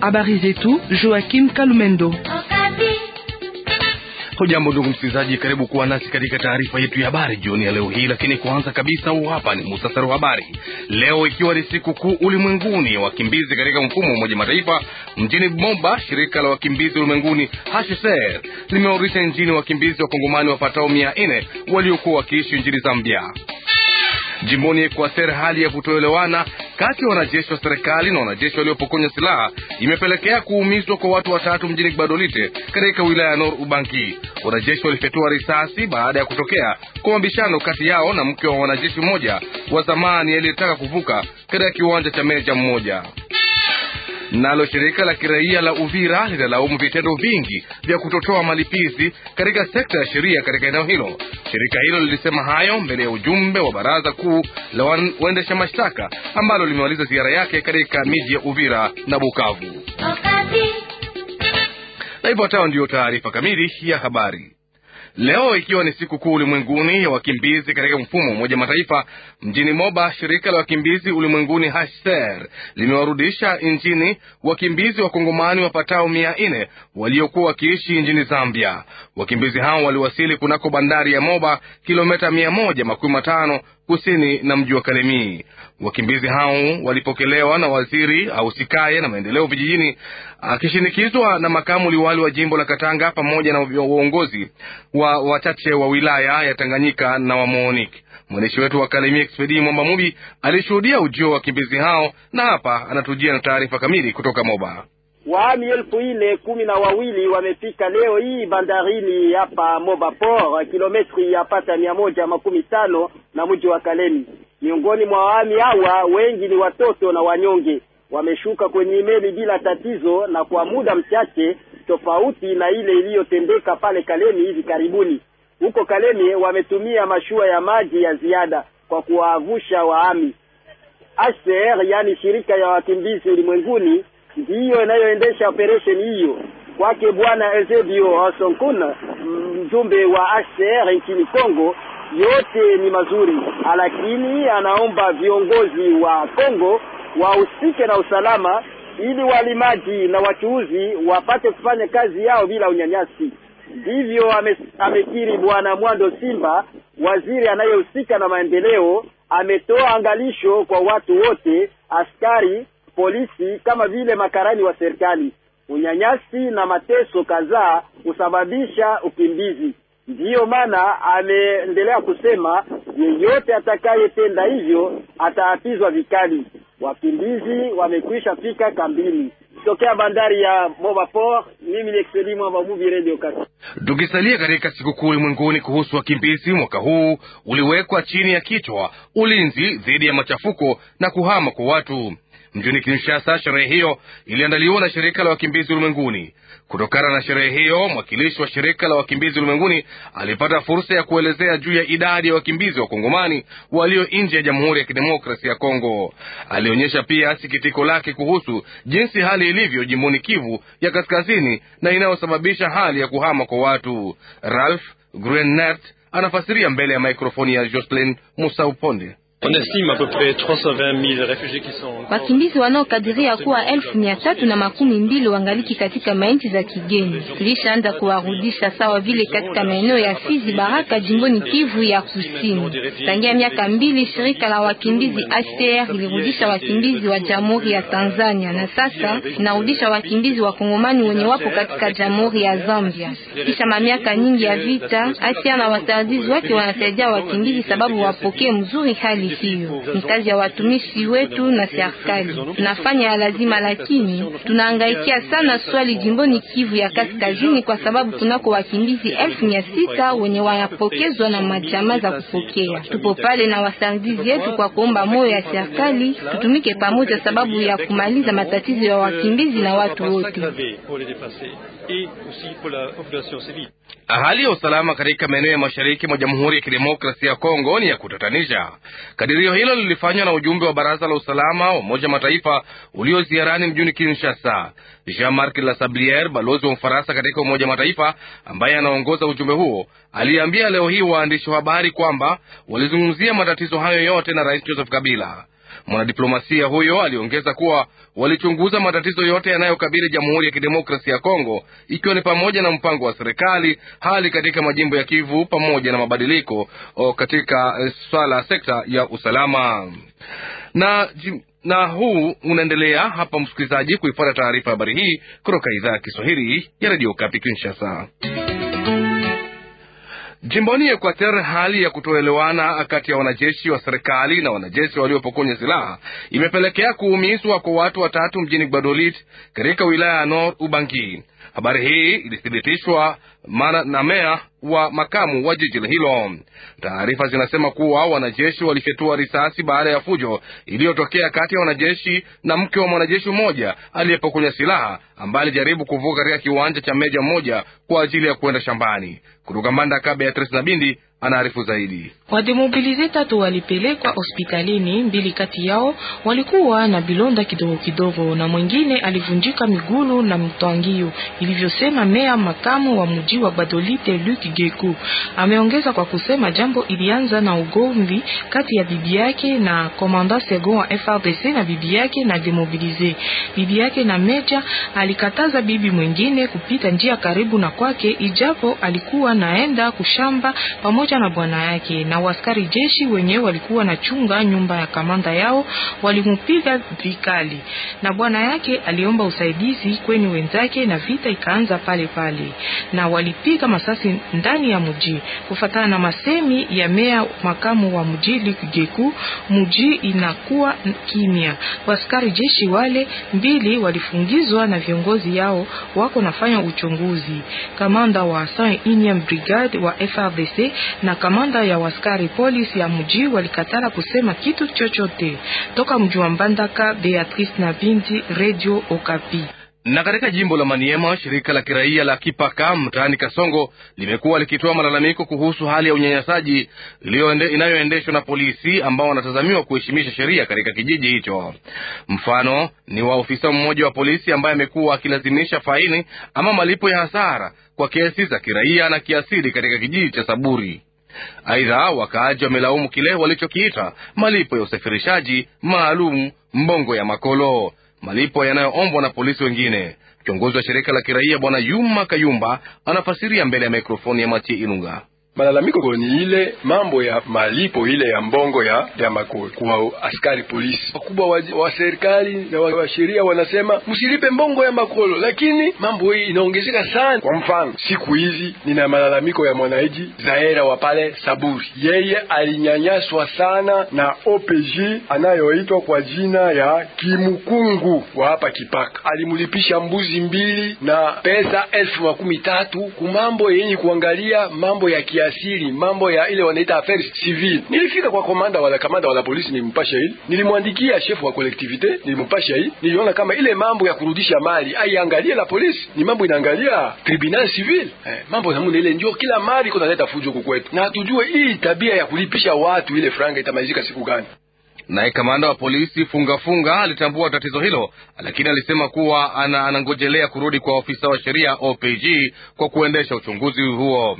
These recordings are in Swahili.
Habari zetu Joachim Kalumendo. Hujambo ndugu msikilizaji, karibu kuwa nasi katika taarifa yetu ya habari jioni ya leo hii. Lakini kwanza kabisa, huu hapa ni muhtasari wa habari leo, ikiwa ni siku kuu ulimwenguni ya wakimbizi katika mfumo wa Umoja Mataifa. Mjini Bomba, shirika la wakimbizi ulimwenguni HCR limeorisha nchini wakimbizi wakongomani wapatao mia nne waliokuwa wakiishi nchini Zambia. Jimboni Ekwateri hali ya kutoelewana kati ya wanajeshi wa serikali na wanajeshi waliopokonywa silaha imepelekea kuumizwa kwa watu watatu mjini Gbadolite katika wilaya ya Nor Ubangi. Wanajeshi walifyatua risasi baada ya kutokea kwa mabishano kati yao na mke wa wanajeshi mmoja wa zamani aliyetaka kuvuka katika kiwanja cha meja mmoja. Nalo shirika la kiraia la Uvira linalaumu vitendo vingi vya kutotoa malipizi katika sekta ya sheria katika eneo hilo. Shirika hilo lilisema hayo mbele ya ujumbe wa baraza kuu la waendesha mashtaka ambalo limemaliza ziara yake katika miji ya Uvira na Bukavu. Na ifuatayo ndiyo taarifa kamili ya habari. Leo ikiwa ni siku kuu ulimwenguni ya wakimbizi katika mfumo Umoja Mataifa, mjini Moba, shirika la wakimbizi ulimwenguni HCR limewarudisha nchini wakimbizi wakongomani wapatao mia nne waliokuwa wakiishi nchini Zambia. Wakimbizi hao waliwasili kunako bandari ya Moba, kilomita mia moja makumi matano kusini na mji wa Kalemie. Wakimbizi hao walipokelewa na waziri ahusikaye na maendeleo vijijini akishinikizwa na makamu liwali wa jimbo la Katanga pamoja na uongozi wa wachache wa wilaya ya Tanganyika na wa MONUC. Mwandishi wetu wa Kalemie Expedi Mwamba Mubi alishuhudia ujio wa wakimbizi hao na hapa anatujia na taarifa kamili kutoka Moba. waami elfu ine kumi na wawili wamefika leo hii bandarini hapa Moba Port, kilometri yapata mia moja makumi tano na mji wa Kalemi. Miongoni mwa waami hawa wengi ni watoto na wanyonge, wameshuka kwenye meli bila tatizo na kwa muda mchache, tofauti na ile iliyotendeka pale Kalemi hivi karibuni. Huko Kalemi wametumia mashua ya maji ya ziada kwa kuwavusha waami. HCR, yaani shirika ya wakimbizi ulimwenguni, ndiyo inayoendesha operesheni hiyo. Kwake Bwana Ezedio Sonkuna, mjumbe wa HCR nchini Kongo, yote ni mazuri, lakini anaomba viongozi wa Kongo wahusike na usalama ili walimaji na wachuuzi wapate kufanya kazi yao bila unyanyasi. Ndivyo amekiri Bwana Mwando Simba, waziri anayehusika na maendeleo. Ametoa angalisho kwa watu wote, askari, polisi, kama vile makarani wa serikali. Unyanyasi na mateso kadhaa husababisha ukimbizi. Ndiyo maana ameendelea kusema yeyote atakayetenda hivyo ataatizwa vikali. Wakimbizi wamekwisha fika kambini. Tokea bandari ya Port. mimi ni Exeli Mwamba Mubi, Radio Kati. Tukisalia katika sikukuu ulimwenguni kuhusu wakimbizi, mwaka huu uliwekwa chini ya kichwa ulinzi dhidi ya machafuko na kuhama kwa watu mjini Kinshasa. Sherehe hiyo iliandaliwa na shirika la wakimbizi ulimwenguni Kutokana na sherehe hiyo, mwakilishi wa shirika la wakimbizi ulimwenguni alipata fursa ya kuelezea juu ya idadi ya wakimbizi wakongomani walio nje ya Jamhuri ya Kidemokrasia ya Kongo. Alionyesha pia sikitiko lake kuhusu jinsi hali ilivyo jimboni Kivu ya kaskazini na inayosababisha hali ya kuhama kwa watu. Ralph Grenert anafasiria mbele ya mikrofoni ya Jocelyn Musaupondi. Wakimbizi wanaokadiria kuwa elfu mia tatu na makumi mbili wangaliki katika mainti za kigeni. Tulishaanza kuwarudisha sawa vile katika maeneo ya Fizi Baraka, jimboni Kivu ya Kusini. Tangia miaka mbili, shirika la wakimbizi HCR ilirudisha wakimbizi wa Jamhuri ya Tanzania, na sasa inarudisha wakimbizi wa Kongomani wenye wapo katika Jamhuri ya Zambia. Kisha mamiaka nyingi ya vita, HCR na wasaidizi wake wanasaidia wakimbizi sababu wapokee mzuri hali tatizo. Ni kazi ya watumishi wetu na serikali tunafanya ya lazima, lakini tunahangaikia sana swali jimboni Kivu ya Kaskazini, kwa sababu tunako wakimbizi elfu mia sita wenye wanapokezwa na majama za kupokea. Tupo pale na wasaidizi yetu kwa kuomba moyo ya serikali, tutumike pamoja sababu ya kumaliza matatizo ya wakimbizi na watu wote et aussi pour la population civile. Hali ya usalama katika maeneo ya mashariki mwa Jamhuri ya Kidemokrasia ya Kongo ni ya kutatanisha. Kadirio hilo lilifanywa na ujumbe wa Baraza la Usalama wa Umoja Mataifa ulioziarani mjini Kinshasa. Jean-Marc Lasablier, balozi wa Ufaransa katika Umoja Mataifa ambaye anaongoza ujumbe huo, aliambia leo hii waandishi wa habari kwamba walizungumzia matatizo hayo yote na Rais Joseph Kabila. Mwanadiplomasia huyo aliongeza kuwa walichunguza matatizo yote yanayokabili Jamhuri ya Kidemokrasia ya Kongo, ikiwa ni pamoja na mpango wa serikali, hali katika majimbo ya Kivu pamoja na mabadiliko katika e, swala sekta ya usalama na na huu unaendelea hapa, msikilizaji, kuifuata taarifa habari hii kutoka idhaa ya Kiswahili ya redio Kapi Kinshasa. Jimboni Ekuater, hali ya kutoelewana kati ya wanajeshi wa serikali na wanajeshi kwenye silaha imepelekea kuumizwa kwa watu watatu mjini Gbadolit katika wilaya ya Nor Ubangi. Habari hii ilithibitishwa na meya wa makamu wa jiji hilo. Taarifa zinasema kuwa wanajeshi walifyatua risasi baada ya fujo iliyotokea kati ya wanajeshi na mke wa mwanajeshi mmoja aliyepokonya silaha ambaye alijaribu kuvuka katika kiwanja cha meja mmoja kwa ajili ya kuenda shambani. Kutoka Mbandaka, Beatrice Nabindi anaarifu zaidi. Wademobilize tatu walipelekwa hospitalini, mbili kati yao walikuwa na bilonda kidogo kidogo na mwingine alivunjika migulu na mtwangio, ilivyosema meya makamu wa mji wa Badolite Luc Geku. Ameongeza kwa kusema jambo ilianza na ugomvi kati ya bibi yake na komanda Sego wa FRDC na bibi yake na demobilize. Bibi yake na meja alikataza bibi mwingine kupita njia karibu na kwake, ijapo alikuwa naenda kushamba pamoja na bwana yake na na waskari jeshi wenye walikuwa na chunga nyumba ya kamanda yao walimupiga vikali, na bwana yake aliomba usaidizi kweni wenzake, na vita ikaanza pale pale, na walipiga masasi ndani ya mji. Kufatana na masemi ya meya makamu wa mji Likgeku, mji inakuwa kimya. Waskari jeshi wale mbili walifungizwa na viongozi yao wako nafanya uchunguzi. Kamanda wa Brigade wa FRDC na kamanda ya waskari askari polisi ya mji walikatala kusema kitu chochote. Toka mji wa Mbandaka, Beatrice na Binti, Radio Okapi. Na katika jimbo la Maniema, shirika la kiraia la Kipaka mtaani Kasongo limekuwa likitoa malalamiko kuhusu hali ya unyanyasaji inayoendeshwa na polisi ambao wanatazamiwa kuheshimisha sheria katika kijiji hicho. Mfano ni wa ofisa mmoja wa polisi ambaye amekuwa akilazimisha faini ama malipo ya hasara kwa kesi za kiraia na kiasili katika kijiji cha Saburi. Aidha, wakaaji wamelaumu kile walichokiita malipo ya usafirishaji maalum mbongo ya Makolo, malipo yanayoombwa na polisi wengine. Kiongozi wa shirika la kiraia Bwana Yuma Kayumba anafasiria mbele ya mikrofoni ya Matie Ilunga. Malalamiko ni ile mambo ya malipo ile ya mbongo ya ya makoli kwa askari polisi. Wakubwa wa, wa serikali na wa, wa sheria wanasema msilipe mbongo ya makolo, lakini mambo hii inaongezeka sana. Kwa mfano, siku hizi nina malalamiko ya mwanaiji Zaera wa pale Saburi, yeye alinyanyaswa sana na OPG anayoitwa kwa jina ya Kimukungu wa hapa Kipaka. Alimlipisha mbuzi mbili na pesa elfu makumi tatu kumambo yenye kuangalia mambo ya kia siri, mambo ya ile wanaita affaires civile. Nilifika kwa komanda wala kamanda wala polisi, nilimpasha hili, nilimwandikia chef wa collectivité, nilimpasha hii Niliona kama ile mambo ya kurudisha mali aiangalie la polisi, ni mambo inaangalia tribunal civil eh, mambo namuna ile, ndio kila mali kunaleta fujo kukwetu, na hatujue hii tabia ya kulipisha watu ile franga itamalizika siku gani. Naye kamanda wa polisi Fungafunga alitambua tatizo hilo, lakini alisema kuwa ana, anangojelea kurudi kwa ofisa wa sheria OPG kwa kuendesha uchunguzi huo.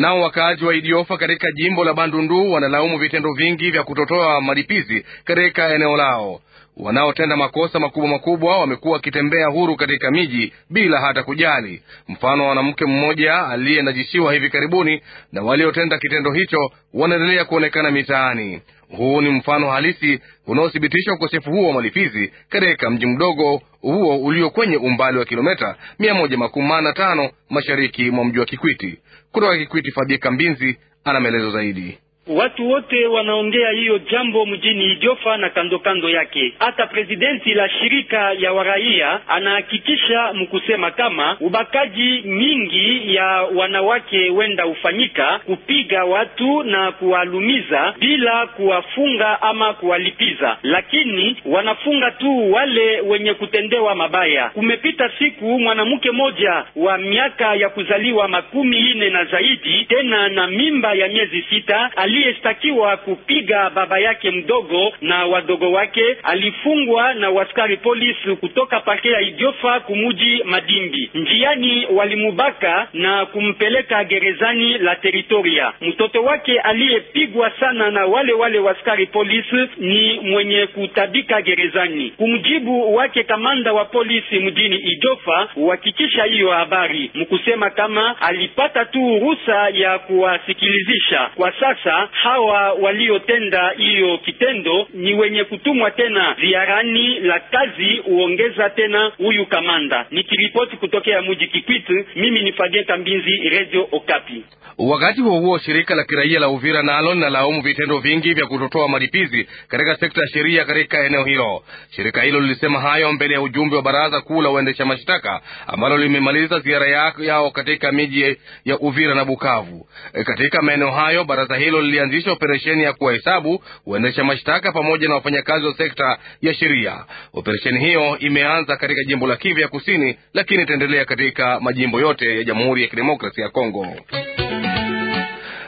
Nao wakaaji wa Idiofa katika jimbo la Bandundu wanalaumu vitendo vingi vya kutotoa malipizi katika eneo lao. Wanaotenda makosa makubwa makubwa wamekuwa wakitembea huru katika miji bila hata kujali, mfano wa mwanamke mmoja aliyenajishiwa hivi karibuni, na waliotenda kitendo hicho wanaendelea kuonekana mitaani. Huu ni mfano halisi unaothibitisha ukosefu huo wa malipizi katika mji mdogo huo ulio kwenye umbali wa kilometa 185 mashariki mwa mji wa Kikwiti. Kutoka Kikwiti Fadhika Mbinzi ana maelezo zaidi. Watu wote wanaongea hiyo jambo mjini Idiofa na kando kando yake. Hata presidenti la shirika ya waraia anahakikisha mkusema kama ubakaji mingi ya wanawake wenda hufanyika kupiga watu na kuwalumiza bila kuwafunga ama kuwalipiza, lakini wanafunga tu wale wenye kutendewa mabaya. Kumepita siku mwanamke moja wa miaka ya kuzaliwa makumi ine na zaidi tena na mimba ya miezi sita aliyeshtakiwa kupiga baba yake mdogo na wadogo wake alifungwa na waskari polisi kutoka pake ya Idiofa kumuji Madimbi. Njiani walimubaka na kumpeleka gerezani la Teritoria. Mtoto wake aliyepigwa sana na wale wale waskari polisi ni mwenye kutabika gerezani. Kumjibu wake kamanda wa polisi mjini Idiofa uhakikisha hiyo habari mkusema kama alipata tu ruhusa ya kuwasikilizisha. Kwa sasa hawa waliotenda hiyo kitendo ni wenye kutumwa tena ziarani la kazi, huongeza tena huyu kamanda. Nikiripoti kutokea mji Kikwiti, mimi ni Fageta Mbinzi, Radio Okapi. Wakati huo huo, shirika la kiraia la Uvira nalo na linalaumu vitendo vingi vya kutotoa malipizi katika sekta ya sheria katika eneo hilo. Shirika hilo lilisema hayo mbele ya ujumbe wa baraza kuu la uendesha mashtaka ambalo limemaliza ziara yao katika miji ya Uvira na Bukavu. E, katika maeneo hayo baraza hilo lilianzisha operesheni ya kuwahesabu waendesha mashtaka pamoja na wafanyakazi wa sekta ya sheria. Operesheni hiyo imeanza katika jimbo la Kivu ya Kusini, lakini itaendelea katika majimbo yote ya Jamhuri ya Kidemokrasia ya Kongo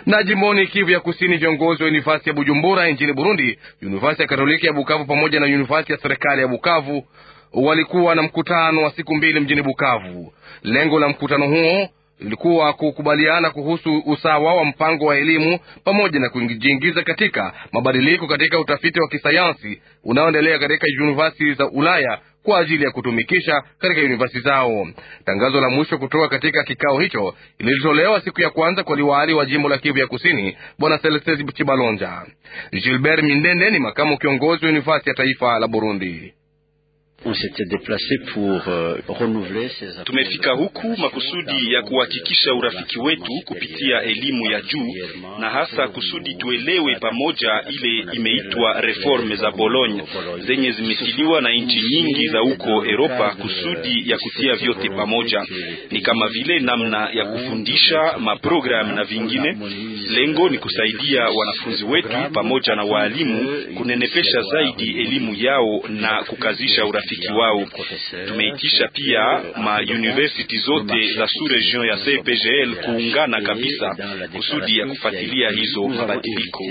na jimboni Kivu ya Kusini, viongozi wa yunivasiti ya Bujumbura nchini Burundi, yunivasiti ya Katoliki ya Bukavu pamoja na yunivasiti ya serikali ya Bukavu walikuwa na mkutano wa siku mbili mjini Bukavu. Lengo la mkutano huo ilikuwa kukubaliana kuhusu usawa wa mpango wa elimu pamoja na kujiingiza katika mabadiliko katika utafiti wa kisayansi unaoendelea katika yunivasiti za Ulaya kwa ajili ya kutumikisha katika yunivasiti zao. Tangazo la mwisho kutoka katika kikao hicho lilitolewa siku ya kwanza kwa liwali wa jimbo la Kivu ya Kusini, Bwana Celestin Chibalonja. Gilbert Mindende ni makamu kiongozi wa yunivasiti ya taifa la Burundi. Euh, Tumefika huku makusudi ya kuhakikisha urafiki wetu kupitia elimu ya juu na hasa kusudi tuelewe pamoja ile imeitwa reforme za Bologna zenye zimetiliwa na nchi nyingi za huko Europa, kusudi ya kutia vyote pamoja, ni kama vile namna ya kufundisha maprogram na vingine. Lengo ni kusaidia wanafunzi wetu pamoja na waalimu kunenepesha zaidi elimu yao na kukazisha urafiki muziki wao. Tumeitisha pia ma university zote za sous region ya CPGL kuungana kabisa kusudi ya kufuatilia hizo mabadiliko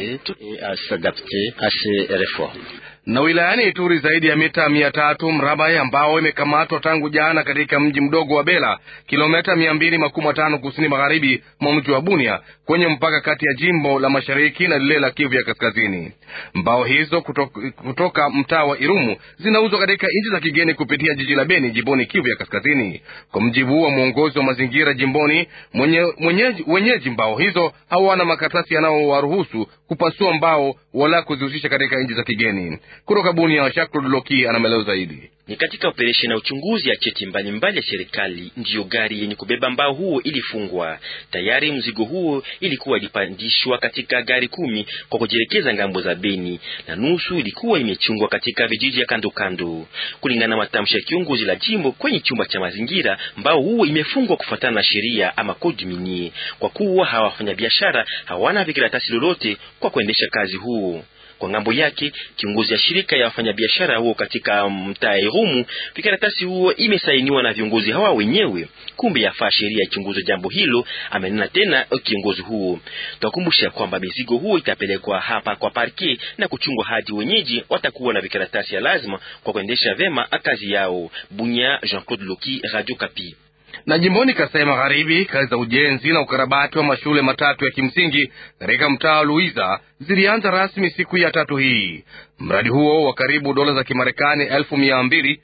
na wilayani Ituri zaidi ya mita mia tatu mraba ambao imekamatwa tangu jana katika mji mdogo wa Bela, kilometa mia mbili makumi matano kusini magharibi mwa mji wa Bunia, kwenye mpaka kati ya jimbo la mashariki na lile la Kivu ya kaskazini. Mbao hizo kutoka, kutoka mtaa wa Irumu zinauzwa katika nchi za kigeni kupitia jiji la Beni jimboni Kivu ya kaskazini. Kwa mjibu wa mwongozi wa mazingira jimboni, mwenye, mwenye, wenyeji mbao hizo hawana makaratasi yanayowaruhusu kupasua mbao wala kuzihusisha katika nchi za kigeni. Kutoka Bunia, Shakru Loki ana maelezo zaidi. Ni katika operesheni ya uchunguzi ya cheti mbalimbali ya serikali ndiyo gari yenye kubeba mbao huo ilifungwa. Tayari mzigo huo ilikuwa ilipandishwa katika gari kumi kwa kujielekeza ngambo za Beni na nusu ilikuwa imechungwa katika vijiji ya kando kando. Kulingana na matamshi ya kiongozi la jimbo kwenye chumba cha mazingira, mbao huo imefungwa kufuatana na sheria ama kodi kwa kuwa hawafanyabiashara hawana vikaratasi lolote kwa kuendesha kazi huo. Kwa ngambo yake, kiongozi ya shirika ya wafanyabiashara huo katika mtaa Irumu, vikaratasi huo imesainiwa na viongozi hawa wenyewe, kumbe yafaa sheria ichunguze jambo hilo, amenena tena kiongozi huo. Tukumbusha kwamba mizigo huo itapelekwa hapa kwa parke na kuchungwa hadi wenyeji watakuwa na vikaratasi ya lazima kwa kuendesha vema kazi yao. Bunya, Jean Claude Loki, Radio Kapi. Na jimboni Kasai Magharibi, kazi za ujenzi na ukarabati wa mashule matatu ya kimsingi katika mtaa wa Luiza zilianza rasmi siku ya tatu hii. Mradi huo wa karibu dola za Kimarekani elfu mia mbili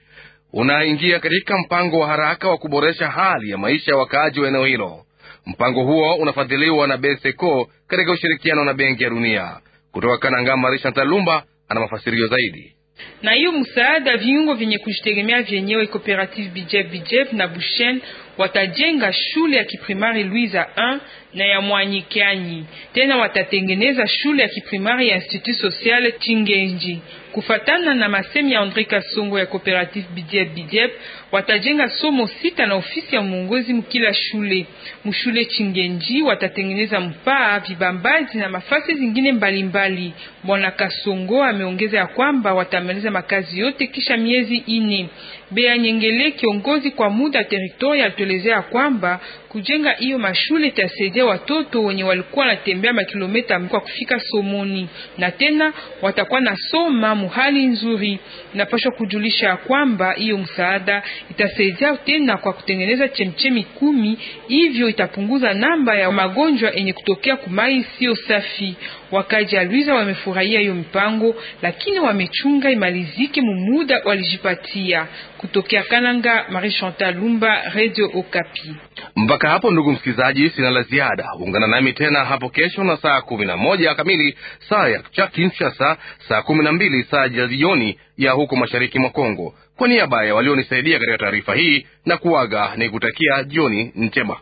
unaingia katika mpango wa haraka wa kuboresha hali ya maisha ya wakaaji wa eneo hilo. Mpango huo unafadhiliwa na Benseco katika ushirikiano na Benki ya Dunia. Kutoka Kananga, Marisha Talumba ana mafasirio zaidi na hiyo msaada viungo vyenye kujitegemea vyenyewe Cooperative Bijep Bijep na Bushen watajenga shule ya kiprimari Luiza 1 na ya Mwanyikanyi, tena watatengeneza shule ya kiprimari ya Institut Social Chingenji. Kufatana na masemi ya Andre Kasongo ya Cooperative Bidiep Bidiep, watajenga somo sita na ofisi ya mwongozi mkila shule. Mshule Chingenji watatengeneza mpaa, vibambazi na mafasi zingine mbalimbali. Bwana Kasongo ameongeza ya kwamba watamaliza makazi yote kisha miezi ine. Bea Nyengele, kiongozi kwa muda teritoria, atuelezea kwamba kujenga hiyo mashule itasaidia watoto wenye walikuwa wanatembea makilomita kwa kufika somoni na tena watakuwa na soma hali nzuri, inapashwa kujulisha kwamba hiyo msaada itasaidia tena kwa kutengeneza chemchemi kumi, hivyo itapunguza namba ya magonjwa yenye kutokea kumai sio safi. Wakaji ya wamefurahia hiyo mpango, lakini wamechunga imalizike mumuda walijipatia. Kutokea Kananga, Marie Chantal Lumba, Radio Okapi. Mpaka hapo ndugu msikilizaji, sina la ziada. Ungana nami tena hapo kesho na saa kumi na moja kamili saa ya cha Kinshasa, saa kumi na mbili saa ya jioni ya huko mashariki mwa Kongo. Kwa niaba ya walionisaidia katika taarifa hii na kuaga, nikutakia jioni njema.